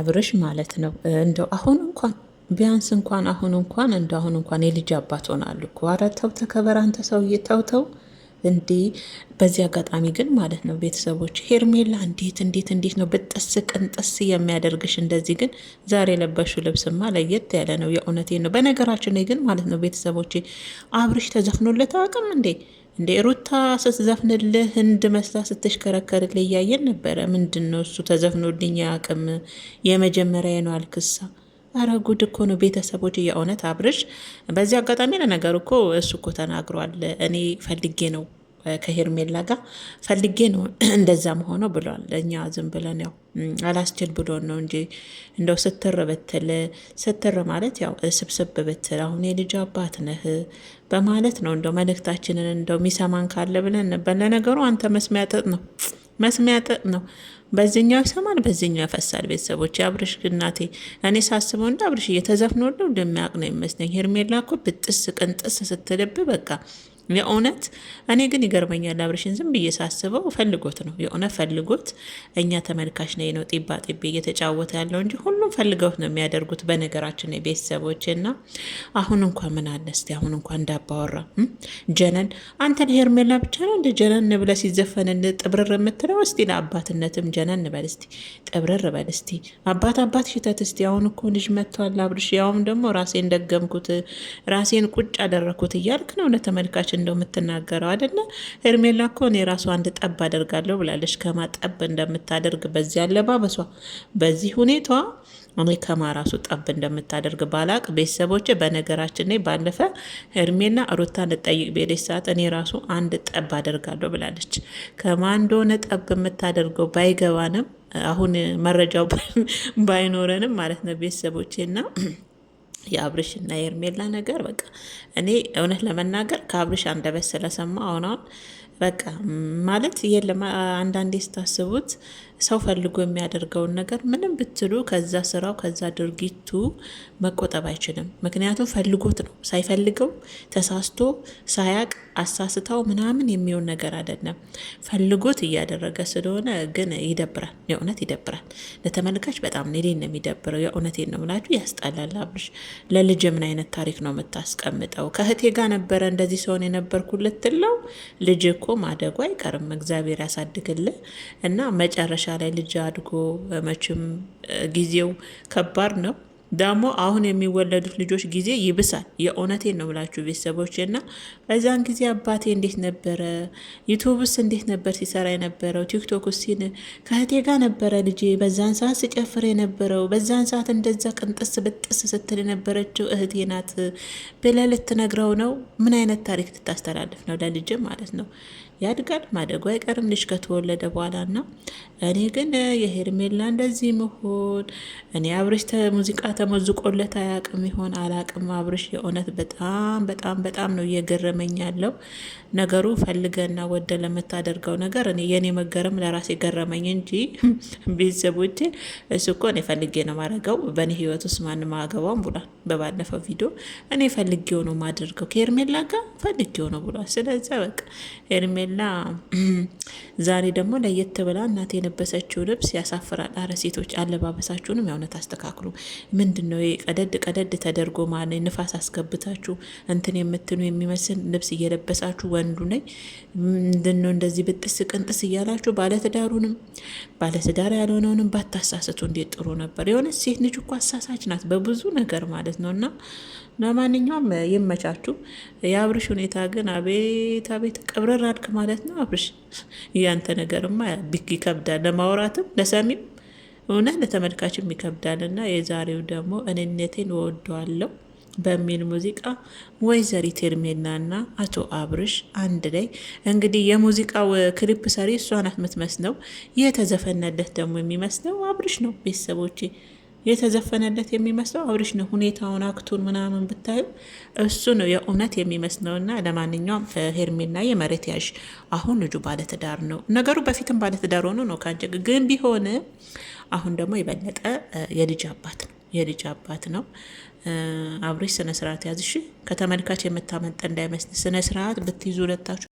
አብርሽ ማለት ነው። እንደው አሁን እንኳን ቢያንስ እንኳን አሁን እንኳን እንደ አሁን እንኳን የልጅ አባት ሆናሉ እኮ። ኧረ ተው ተከበር አንተ ሰውዬ ተው ተው። እንዲህ በዚህ አጋጣሚ ግን ማለት ነው ቤተሰቦች ሄርሜላ እንዴት እንዴት እንዴት ነው ብጥስ ቅንጥስ የሚያደርግሽ እንደዚህ። ግን ዛሬ የለበሹ ልብስማ ለየት ያለ ነው። የእውነቴ ነው። በነገራችን ላይ ግን ማለት ነው ቤተሰቦች አብርሽ ተዘፍኖለት አቅም እንዴ እንደ ሩታ ስትዘፍንልህ ህንድ መስላ ስትሽከረከርልህ እያየን ነበረ። ምንድን ነው እሱ ተዘፍኖልኝ አቅም የመጀመሪያ ነው አልክሳ አረ ጉድ እኮ ነው ቤተሰቦች። የእውነት አብርሽ በዚህ አጋጣሚ ለነገሩ እኮ እሱ እኮ ተናግሯል። እኔ ፈልጌ ነው ከሄርሜላ ጋር ፈልጌ ነው እንደዛም ሆኖ ብሏል። እኛ ዝም ብለን ያው አላስችል ብሎን ነው እንጂ እንደው ስትር ብትል ስትር ማለት ያው ስብስብ ብትል አሁን የልጅ አባት ነህ በማለት ነው እንደው መልእክታችንን እንደው የሚሰማን ካለ ብለን ነበር። ለነገሩ አንተ መስሚያ ጥጥ ነው መስሚያ ጥጥ ነው። በዚኛው ይሰማል፣ በዚኛው ያፈሳል። ቤተሰቦች አብርሽ እናቴ፣ እኔ ሳስበው እንደ አብርሽ እየተዘፍኖ ሁሉ እንደሚያውቅ ነው ይመስለኝ። ሄርሜላ እኮ ብጥስ ቅንጥስ ስትልብ በቃ የእውነት እኔ ግን ይገርመኛል። አብርሽን ዝም ብዬ ሳስበው ፈልጎት ነው የእውነት ፈልጎት። እኛ ተመልካች ላይ ነው ጢባ ጢቤ እየተጫወተ ያለው እንጂ ሁሉም ፈልገውት ነው የሚያደርጉት። በነገራችን ቤተሰቦች እና አሁን እንኳ ምን አለ እስቲ አሁን እንኳ እንዳባወራ ጀነን አንተ ሄርሜላ ብቻ ነው እንደ ጀነን ብለ ሲዘፈን ጥብርር የምትለው እስቲ ለአባትነትም ጀነን በል እስቲ ጥብርር በል እስቲ አባት አባት ሽተት እስቲ። አሁን እኮ ልጅ መጥቷል አብርሽ፣ ያውም ደግሞ ራሴን ደገምኩት ራሴን ቁጭ አደረግኩት እያልክ ነው ለተመልካች እንደው የምትናገረው አደለ? ሄርሜላ እኮ እኔ ራሷ አንድ ጠብ አደርጋለሁ ብላለች። ከማ ጠብ እንደምታደርግ በዚህ አለባበሷ፣ በዚህ ሁኔቷ እኔ ከማ ራሱ ጠብ እንደምታደርግ ባላቅ ቤተሰቦች፣ በነገራችን ላይ ባለፈ ሄርሜላ ሩታ እንጠይቅ ቤሌች ሰዓት እኔ ራሱ አንድ ጠብ አደርጋለሁ ብላለች። ከማ እንደሆነ ጠብ የምታደርገው ባይገባንም አሁን መረጃው ባይኖረንም ማለት ነው ቤተሰቦቼ ና የአብርሽ እና የእርሜላ ነገር በቃ እኔ እውነት ለመናገር ከአብርሽ አንደበት ስለሰማ ሆኗል። በቃ ማለት የለም አንዳንዴ ስታስቡት ሰው ፈልጎ የሚያደርገውን ነገር ምንም ብትሉ ከዛ ስራው ከዛ ድርጊቱ መቆጠብ አይችልም። ምክንያቱም ፈልጎት ነው። ሳይፈልገው ተሳስቶ ሳያቅ አሳስተው ምናምን የሚሆን ነገር አይደለም። ፈልጎት እያደረገ ስለሆነ ግን ይደብራል። የእውነት ይደብራል። ለተመልካች በጣም እኔን ነው የሚደብረው። ነው ምላችሁ ያስጠላል። አብርሽ ለልጅ ምን አይነት ታሪክ ነው የምታስቀምጠው? ከእህቴ ጋር ነበረ እንደዚህ ሰሆን የነበርኩ ልትለው ልጅ እኮ ማደጉ አይቀርም። እግዚአብሔር ያሳድግልህ እና መጨረሻ ላይ ልጅ አድጎ መቼም ጊዜው ከባድ ነው። ደግሞ አሁን የሚወለዱት ልጆች ጊዜ ይብሳል። የእውነቴን ነው ብላችሁ ቤተሰቦች እና በዛን ጊዜ አባቴ እንዴት ነበረ፣ ዩቱብስ እንዴት ነበር ሲሰራ የነበረው፣ ቲክቶክ ሲን ከህቴ ጋር ነበረ ልጄ በዛን ሰዓት ሲጨፍር የነበረው፣ በዛን ሰዓት እንደዛ ቅንጥስ ብጥስ ስትል የነበረችው እህቴ ናት ብለህ ልትነግረው ነው። ምን አይነት ታሪክ ልታስተላልፍ ነው ለልጅ ማለት ነው? ያድጋል፣ ማደጉ አይቀርም ልጅ ከተወለደ በኋላ እና እኔ ግን የሄርሜላ እንደዚህ መሆን እኔ አብርሽ ሙዚቃ ተመዝቆለት አያቅም ይሆን አላቅም። አብርሽ የእውነት በጣም በጣም በጣም ነው እየገረመኝ ያለው ነገሩ። ፈልገና ወደ ለምታደርገው ነገር እኔ የእኔ መገረም ለራሴ ገረመኝ እንጂ ቤተሰቦቼ እሱ እኮ እኔ ፈልጌ ነው ማድረገው በእኔ ህይወት ውስጥ ማንም አገባውም ብሏል በባለፈው ቪዲዮ። እኔ ፈልጌው ነው ማደርገው ከሄርሜላ ጋር ፈልጌው ነው ብሏል። ስለዚያ በቃ ሄርሜላ ሄርሜላ ዛሬ ደግሞ ለየት ብላ እናት የለበሰችው ልብስ ያሳፍራል። አረ ሴቶች አለባበሳችሁንም የእውነት አስተካክሉ። ምንድን ነው ቀደድ ቀደድ ተደርጎ ማለ ንፋስ አስገብታችሁ እንትን የምትኑ የሚመስል ልብስ እየለበሳችሁ ወንዱ ነኝ ምንድን ነው እንደዚህ ብጥስ ቅንጥስ እያላችሁ ባለትዳሩንም ባለትዳር ያልሆነውንም ባታሳስቱ እንዴት ጥሩ ነበር። የሆነ ሴት ልጅ እኮ አሳሳች ናት በብዙ ነገር ማለት ነው እና ለማንኛውም ይመቻችሁ። የአብርሽ ሁኔታ ግን አቤት አቤት ቅብረር አድክማ ማለት ነው። አብርሽ እያንተ ነገርማ ቢክ ይከብዳል፣ ለማውራትም ለሰሚም ሆነ ለተመልካችም ይከብዳል። እና የዛሬው ደግሞ እኔነቴን እወደዋለሁ በሚል ሙዚቃ ወይዘሪት ሄርሜላና አቶ አብርሽ አንድ ላይ እንግዲህ የሙዚቃው ክሊፕ ሰሪ እሷ ናት የምትመስለው። የተዘፈነለት ደግሞ የሚመስለው አብርሽ ነው ቤተሰቦቼ የተዘፈነለት የሚመስለው አብርሽ ነው። ሁኔታውን አክቱን ምናምን ብታዩ እሱ ነው የእውነት የሚመስለው። እና ለማንኛውም ሄርሜና የመሬት ያዥ አሁን ልጁ ባለትዳር ነው። ነገሩ በፊትም ባለትዳር ሆኖ ነው ከአንቺ ግን ቢሆን አሁን ደግሞ የበለጠ የልጅ አባት ነው የልጅ አባት ነው። አብርሽ ስነስርዓት ያዝሽ ከተመልካች የምታመልጥ እንዳይመስል ስነስርዓት ብትይዙ ሁለታችሁ